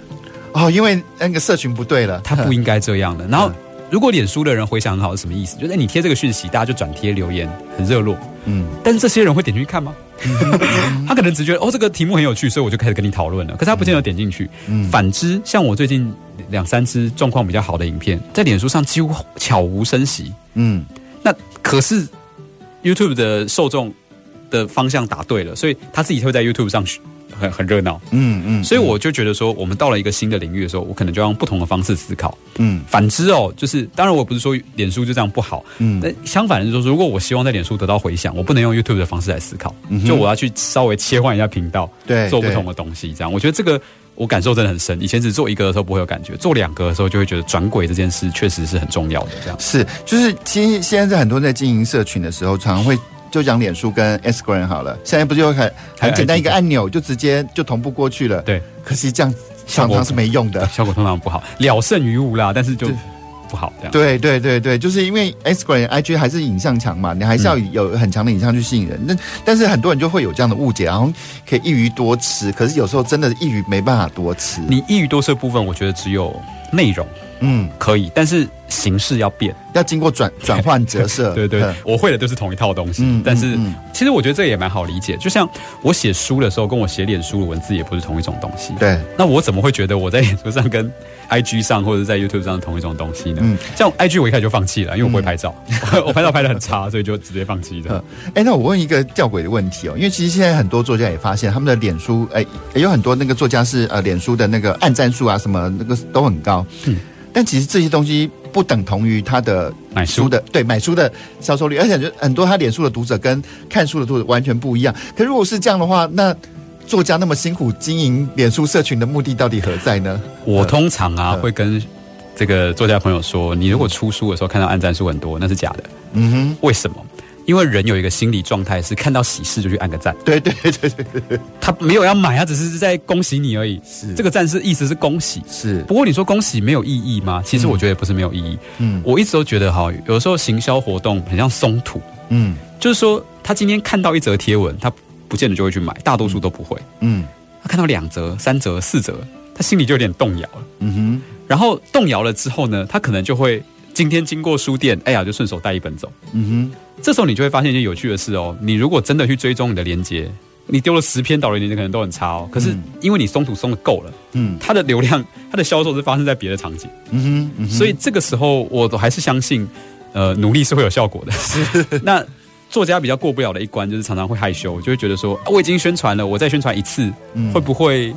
[SPEAKER 1] 哦，因為那個社群不對了，他不應該這樣的。然後，嗯、如果臉書的人回響很好是什麼意思？就是、欸、你貼這個訊息，大家就轉貼留言，很熱絡，嗯，但是這些人會點進去看嗎？ 他可能只覺得哦，這個題目很有趣，所以我就開始跟你討論了。可是他不見得點進去、嗯。反之，像我最近。兩三支狀況比較好的影片，在臉書上幾乎悄無聲息。嗯，那可是 YouTube 的受眾的方向打對了，所以他自己會在 YouTube 上很很熱鬧。嗯嗯，所以我就覺得說，我們到了一個新的領域的時候，我可能就要用不同的方式思考。嗯，反之哦，就是當然我不是說臉書就這樣不好。嗯，那相反就是說，如果我希望在臉書得到回響，我不能用 YouTube 的方式來思考。就我要去稍微切換一下頻道，對、嗯，做不同的東西。這樣，我覺得這個。我感受真的很深，以前只做一個的時候不會有感覺，做兩個的時候就會覺得轉軌這件事確實是很重要的。這樣
[SPEAKER 2] 是，就是其實現在在很多在經營社群的時候，常常會就講臉書跟 Instagram 好了，現在不就很很簡單一個按鈕就直接就同步過去了。對，可惜這樣常常是沒用的，效果通常不好，
[SPEAKER 1] 聊勝於無啦。但是就。不好。
[SPEAKER 2] 對對對對，就是因為 X 跟 IG 還是影像強嘛，你還是要有很強的影像去吸引人。那、嗯、但是很多人就會有這樣的誤解，然後可以一魚多吃，可是有時候真的一魚沒辦法多吃。
[SPEAKER 1] 你一魚多吃的部分，我覺得只有內容。嗯，可以，但是形式要變，要經過轉轉換折射。對對，對，對、嗯，我會的都是同一套東西。嗯、但是、嗯嗯、其實我覺得這個也蠻好理解。就像我寫書的時候，跟我寫臉書的文字也不是同一種東西。對，那我怎麼會覺得我在臉書上跟 I G 上或者在 YouTube 上同一種東西呢？嗯，像 I G 我一開始就放棄了，因為我不會拍照，嗯、我拍照拍的很差、嗯，所以就直接放棄了。
[SPEAKER 2] 哎、嗯欸，那我問一個吊詭的問題哦，因為其實現在很多作家也發現，他們的臉書哎、欸，有很多那個作家是呃，臉書的那個按讚數啊，什麼那個都很高。嗯。但其實這些東西不等同於他的買書的，買書？對，買書的銷售率，而且就很多他臉書的讀者跟看書的讀者完全不一樣。可如果是這樣的話，那作家那麽辛苦經營臉書社群的目的到底何在呢？
[SPEAKER 1] 我通常啊、呃呃、會跟這個作家朋友說，你如果出書的時候看到按讚數很多、嗯，那是假的。嗯哼，為什麼？因為人有一個心理狀態是看到喜事就去按個讚，對對對對對，他沒有要買，他只是在恭喜你而已。是這個讚是意思是恭喜，是不過你說恭喜沒有意義嗎？其實我覺得不是沒有意義。嗯，嗯我一直都覺得哈，有時候行銷活動很像鬆土，嗯，就是說他今天看到一則貼文，他不見得就會去買，大多數都不會。嗯，他看到兩則、三則、四則，他心裡就有點動搖了。
[SPEAKER 3] 嗯哼，
[SPEAKER 1] 然後動搖了之後呢，他可能就會。今天經過書店，哎呀，就順手帶一本走。嗯哼，這時候你就會發現一件有趣的事哦。你如果真的去追蹤你的連接，你丟了十篇導流連接可能都很差哦。可是因為你鬆土鬆得夠了，嗯，它的流量、它的銷售是發生在別的場景。嗯
[SPEAKER 3] 哼，嗯哼，所以
[SPEAKER 1] 這個時候，我都還是相信，呃，努力是會有效果的。嗯、 那作家比較過不了的一關，就是常常會害羞，就會覺得說、啊、我已經宣傳了，我再宣傳一次，嗯、會不會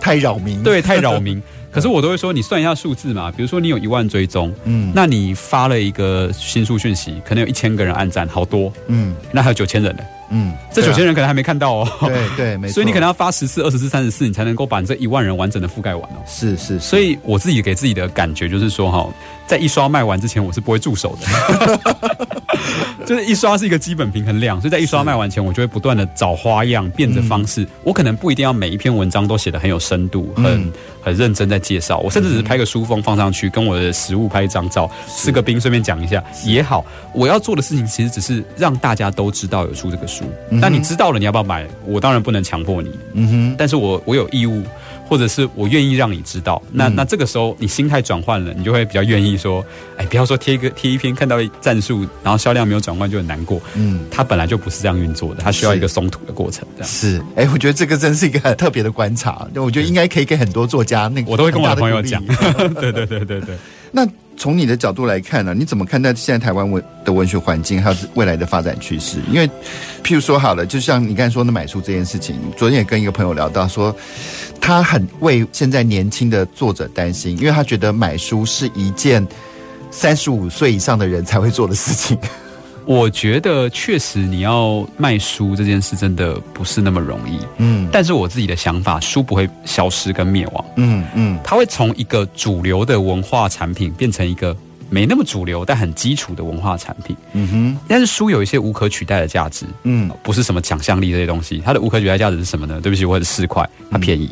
[SPEAKER 1] 太擾民？對，太擾民。 可是我都會說，你算一下數字嘛。比如說，你有一萬追蹤，嗯，那你發了一個新書訊息，可能有一千個人按贊，好多，
[SPEAKER 2] 嗯，
[SPEAKER 1] 那還有九千人呢，嗯，
[SPEAKER 2] 這九千人
[SPEAKER 1] 可能還沒看到
[SPEAKER 2] 哦，對對沒錯，所以你可
[SPEAKER 1] 能要發十次、二十次、三十次，你才能夠把這一萬人完整的覆蓋完哦。是是，是，所以我自己給自己的感覺就是說，哈。在一刷賣完之前，我是不會住手的。 就是一刷是一個基本平衡量，所以在一刷賣完前，我就會不斷的找花樣、變着方式。我可能不一定要每一篇文章都寫得很有深度、嗯、很很認真在介紹，我甚至只是拍個書封放上去，跟我的食物拍一張照，吃個冰，順便講一下也好。我要做的事情，其實只是讓大家都知道有出這個書。嗯、那你知道了，你要不要買？我當然不能強迫你，嗯哼。但是我我有義務。或者是我願意讓你知道，那那這個時候你心態轉換了，你就會比較願意說，哎，不要說貼一個貼一篇，看到戰術，然後銷量沒有轉換就很難過。嗯，他本來就不是這樣運作的，他需要一個鬆土的過程。是，
[SPEAKER 2] 哎、欸，我覺得這個真是一個很特別的觀察，那我覺得應該可以給很多作家那個，那我都會跟我的朋友講。
[SPEAKER 1] 對對對對對 ，
[SPEAKER 2] 那。從你的角度來看呢、啊，你怎麼看待現在台灣文的文學環境還有未來的發展趨勢？因為，譬如說，好了，就像你剛才說的買書這件事情，昨天也跟一個朋友聊到說，說他很為現在年輕的作者擔心，因為他覺得買書是一件三十五歲以上的人才會做的事情。
[SPEAKER 1] 我覺得確實，你要賣書這件事真的不是那麼容易。嗯，但是我自己的想法，書不會消失跟滅亡。
[SPEAKER 3] 嗯嗯，
[SPEAKER 1] 它會從一個主流的文化產品變成一個沒那麼主流但很基礎的文化產品。嗯哼，但是書有一些無可取代的價值。嗯，不是什麼想象力這些東西，它的無可取代價值是什麼呢？對不起，我很市儈，它便宜，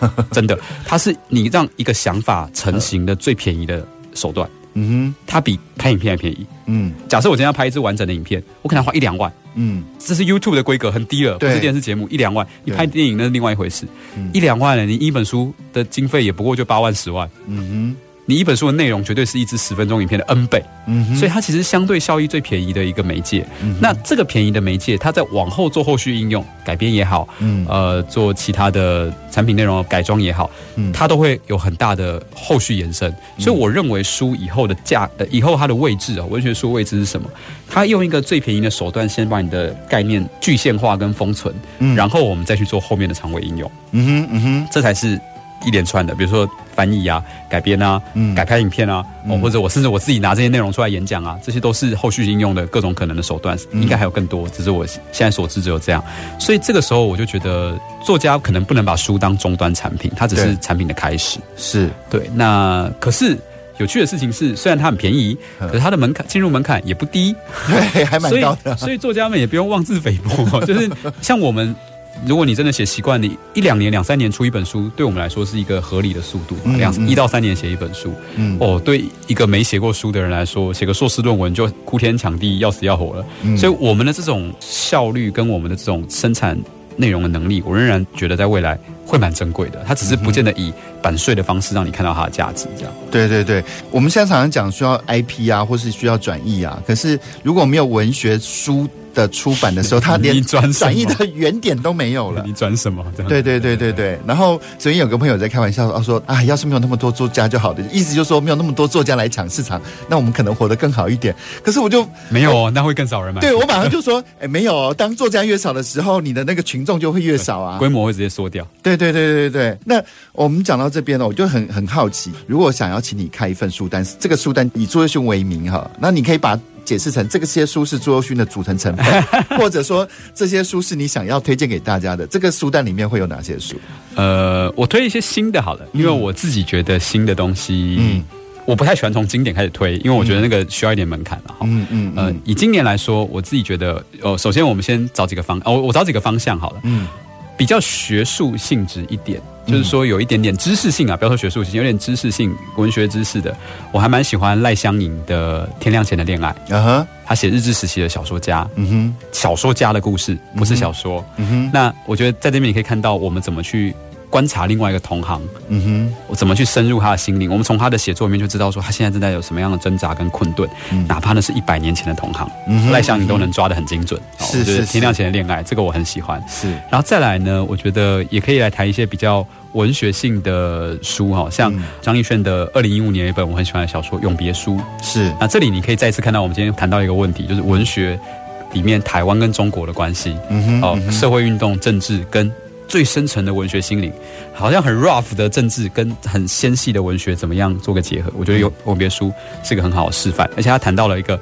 [SPEAKER 1] 嗯、 真的，它是你讓一個想法成型的最便宜的手段。嗯哼，它比拍影片還便宜。
[SPEAKER 3] 嗯，
[SPEAKER 1] 假設我今天要拍一支完整的影片，我可能要花一兩萬。嗯，這是 YouTube 的規格很低了，不是電視節目一兩萬。你拍電影那是另外一回事，嗯、一兩萬呢，你一本書的經費也不過就八萬十萬。嗯
[SPEAKER 3] 哼。
[SPEAKER 1] 你一本書的內容絕對是一支十分鐘影片的 N 倍，嗯，所以它其實相對效益最便宜的一個媒介，嗯。那這個便宜的媒介，它在往後做後續應用、改編也好，嗯，呃，做其他的產品內容改裝也好，嗯，它都會有很大的後續延伸。嗯，所以我認為書以後的價，以後它的位置啊，文學書位置是什麼？它用一個最便宜的手段，先把你的概念具現化跟封存，嗯，然後我們再去做後面的長尾應用，嗯哼，嗯哼，這才是。一連串的，比如說翻譯啊、改編啊、嗯、改拍影片啊、哦，或者我甚至我自己拿這些內容出來演講啊，這些都是後續應用的各種可能的手段，應該還有更多，只是我現在所知只有這樣。所以這個時候，我就覺得作家可能不能把書當終端產品，它只是產品的開始。對是對。那可是有趣的事情是，雖然它很便宜，可是它的門檻進入門檻也不低，對還蠻高的啊。所以，所以作家們也不用妄自菲薄啊，就是像我們。如果你真的寫習慣，你一兩年、兩三年出一本書，對我們來說是一個合理的速度。這樣、嗯嗯、一到三年寫一本書、嗯，哦，對一個沒寫過書的人來說，寫個碩士論文就哭天搶地要死要活了、嗯。所以我們的這種效率跟我們的這種生產內容的能力，我仍然覺得在未來會蠻珍貴的。它只是不見得
[SPEAKER 2] 以版稅的方式讓你看到它的價值，這樣。對對對，我們現在常常講需要 IP 啊，或是需要轉譯啊，可是如果沒有文學書的出版的時候，他連轉轉譯的原點都沒有了。你轉什麼？對對對對對、對。然後昨天有個朋友在開玩笑，他說：“啊，要是沒有那麼多作家就好了。”意思就是說，沒有那麼多作家來搶市場，那我們可能活得更好一點。可是我就沒有、哦欸，那
[SPEAKER 1] 會更少人買。對我馬上就
[SPEAKER 2] 說：“哎、欸，沒有、哦。當作家越少的時候，你的那個群眾就會越少啊，規模會直接縮掉。”對對對對對。那我們講到這邊呢，我就很很好奇，如果想要請你開一份書單，這個書單以朱宥勳為名哈，那你可以把。解釋成這個些書是朱宥勳的組成成分，或者說這些書是你想要推薦給大家的。這個書單裡面會有哪些書？呃，我推一些新
[SPEAKER 1] 的好了，因為我自己覺得新的東西，嗯，我不太喜歡從經典開始推，因為我覺得那個需要一點門檻哈。
[SPEAKER 3] 嗯嗯、
[SPEAKER 1] 呃，以今年來說，我自己覺得，呃，首先我們先找幾個方，哦、呃，我找幾個方向好
[SPEAKER 3] 了。
[SPEAKER 1] 嗯，比較學術性質一點。就是說有一點點知識性啊，不要說學術性，有點知識性，文學知識的，我還蠻喜歡賴香吟的《天亮前的戀愛》。嗯哼，他寫日治時期的小說家，嗯哼，小說家的故事不是小說，嗯哼。那我覺得在這邊你可以看到我們怎麼去。觀察另外一個同行，嗯哼，我怎麼去深入他的心靈？我們從他的寫作裡面就知道，說他現在正在有什麼樣的掙扎跟困頓。嗯，哪怕那是一百年前的同行，賴、嗯、香吟都能抓得很精準。嗯哦，就是是，天亮前的戀愛是是是，這個我很喜歡。是，然後再來呢，我覺得也可以來談一些比較文學性的書，哈，像張亦絢的二零一五年一本我很喜歡的小說《永別書》。是，那這裡你可以再次看到，我們今天談到一個問題，就是文學裡面台灣跟中國的關係。嗯哼，哦，社會運動、政治跟。最深沉的文學心靈，好像很 rough 的政治跟很纖細的文學，怎麼樣做個結合？我覺得有《告別書》是一個很好的示範，而且他談到了一個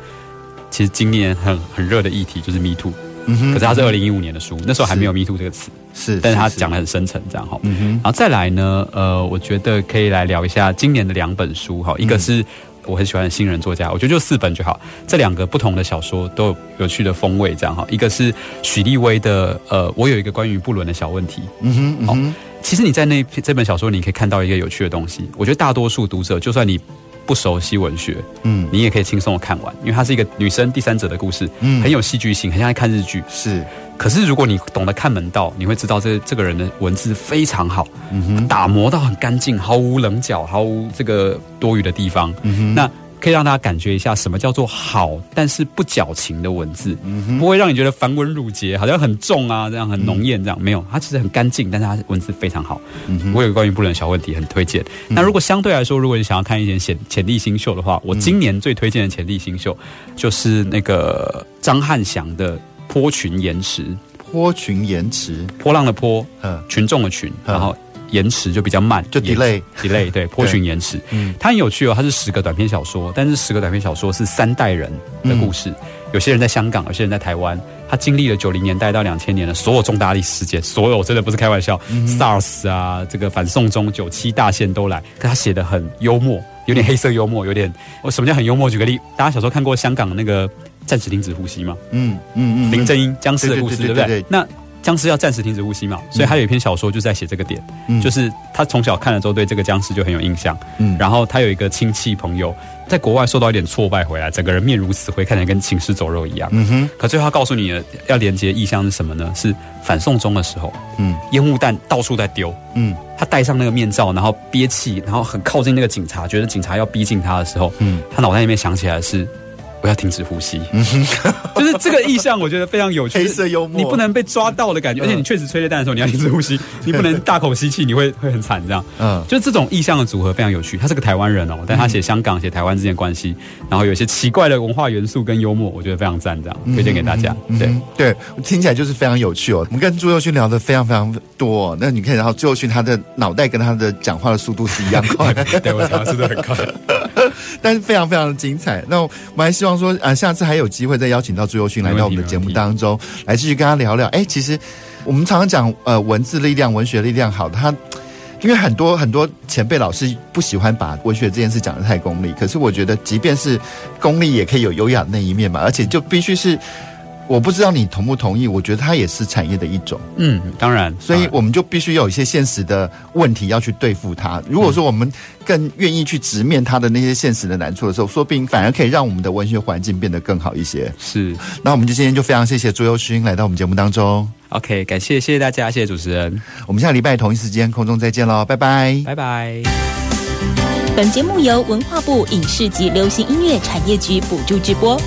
[SPEAKER 1] 其實今年很很熱的議題，就是 Me Too。嗯哼，可是他是二零一五年的書，那時候還沒有 Me Too 這個詞。是，但是他講得很深層這樣哈。嗯哼，然後再來呢，呃，我覺得可以來聊一下今年的兩本書哈，一個是。我很喜歡的新人作家，我覺得就四本就好。這兩個不同的小說都有有趣的風味，這樣哈。一個是許立威的，呃，我有一個關於不倫的小問題。
[SPEAKER 3] 嗯哼，嗯哼。
[SPEAKER 1] 哦，其實你在那這本小說，你可以看到一個有趣的東西。我覺得大多數讀者，就算你不熟悉文學，嗯，你也可以輕鬆地看完，因為它是一個女生第三者的故事，嗯，很有戲劇性，很像在看日劇，是。可是，如果你懂得看門道，你會知道這這個人的文字非常好，嗯、打磨到很乾淨，毫無稜角，毫無這個多餘的地方。嗯、那可以讓大家感覺一下什麼叫做好，但是不矯情的文字，嗯、不會讓你覺得繁文縟節，好像很重啊，這樣很濃豔這樣、嗯、沒有，它其實很乾淨，但是它文字非常好。嗯、我有個關於不倫小問題，很推薦、嗯。那如果相對來說，如果你想要看一些潛潛力新秀的話，我今年最推薦的潛力新秀就是那個張翰祥的。波群延遲，波群延遲，波浪的波，嗯，群眾的群，嗯嗯，然後延遲就比較慢，就 delay，delay，對，波群延遲，嗯，它很有趣哦，它是十個短篇小說，但是十個短篇小說是三代人的故事，嗯，有些人在香港，有些人在台灣，他經歷了九零年代到兩千年的所有重大歷史事件，所有真的不是開玩笑，嗯，SARS 啊，這個反送中、九七大限都來，可他寫得很幽默，有點黑色幽默，有點，我，嗯，什麼叫很幽默？舉個例，大家小時候看過香港那個。暫時停止呼吸嘛。嗯
[SPEAKER 3] 嗯嗯。林正英僵屍的故事對不
[SPEAKER 1] 對？那僵屍要暫時停止呼吸嘛，嗯，嗯嗯嗯，僵屍僵屍吸嘛，所以他有一篇小說就在寫這個點，就是他從小看了之後對這個僵屍就很有印象。嗯，然後他有一個親戚朋友在國外受到一點挫敗回來，整個人面如死灰，看起來跟行屍走肉一樣。嗯哼。可最後他告訴你的要連接的意象是什麼呢？是反送中的時候，
[SPEAKER 3] 嗯，
[SPEAKER 1] 煙霧彈到處在丟，嗯，他戴上那個面罩，然後憋氣，然後很靠近那個警察，覺得警察要逼近他的時候，嗯，他腦袋裡面想起來是。我要停止呼吸，嗯、就是這個意象，我覺得非常有趣。黑色幽默，你不能被抓到的感覺，嗯、而且你確實吹着彈的時候，嗯，你要停止呼吸，你不能大口吸氣，你會會很慘。這樣，嗯，就是這種意象的組合非常有趣。他是個台灣人哦，喔，但他寫香港、寫、嗯、台灣之間的關係，然後有些奇
[SPEAKER 2] 怪的文化元素跟幽默，我覺得非常讚。這樣，嗯、推薦給大家。嗯嗯、對，對聽起來就是非常有趣哦，喔。我們跟朱宥勳聊的非常非常多，喔。那你可以，然後朱宥勳他的腦袋跟他的講話的速度是一樣快。 對，我講話速度很快， 但是非常非常的精彩。那我，我還希望希望說啊，下次還有機會再邀請到朱宥勳來到我們的節目當中，來繼續跟他聊聊。哎，其實我們常常講，呃，文字力量、文學力量好，他因為很多很多前輩老師不喜歡把文學這件事講得太功利，可是我覺得，即便是功利，也可以有優雅的那一面嘛，而且就必須是。我不知道你同不同意，我覺得它也是產業的一種。嗯當，當然，所以我們就必須有一些現實的問題要去對付它。如果說我們更願意去直面它的那些現實的難處的時候，嗯、說不定反而可以讓我們的文學環境變得更好一些。是，那我們就今天就非常謝謝朱宥勳來到我們節目當中。OK，
[SPEAKER 1] 感謝，謝謝大家，謝謝主
[SPEAKER 2] 持人。我們下個禮拜同一時間空中再見嘍，拜拜，拜拜。
[SPEAKER 1] 本節目由文化部影視及流行音樂產業局補助直播。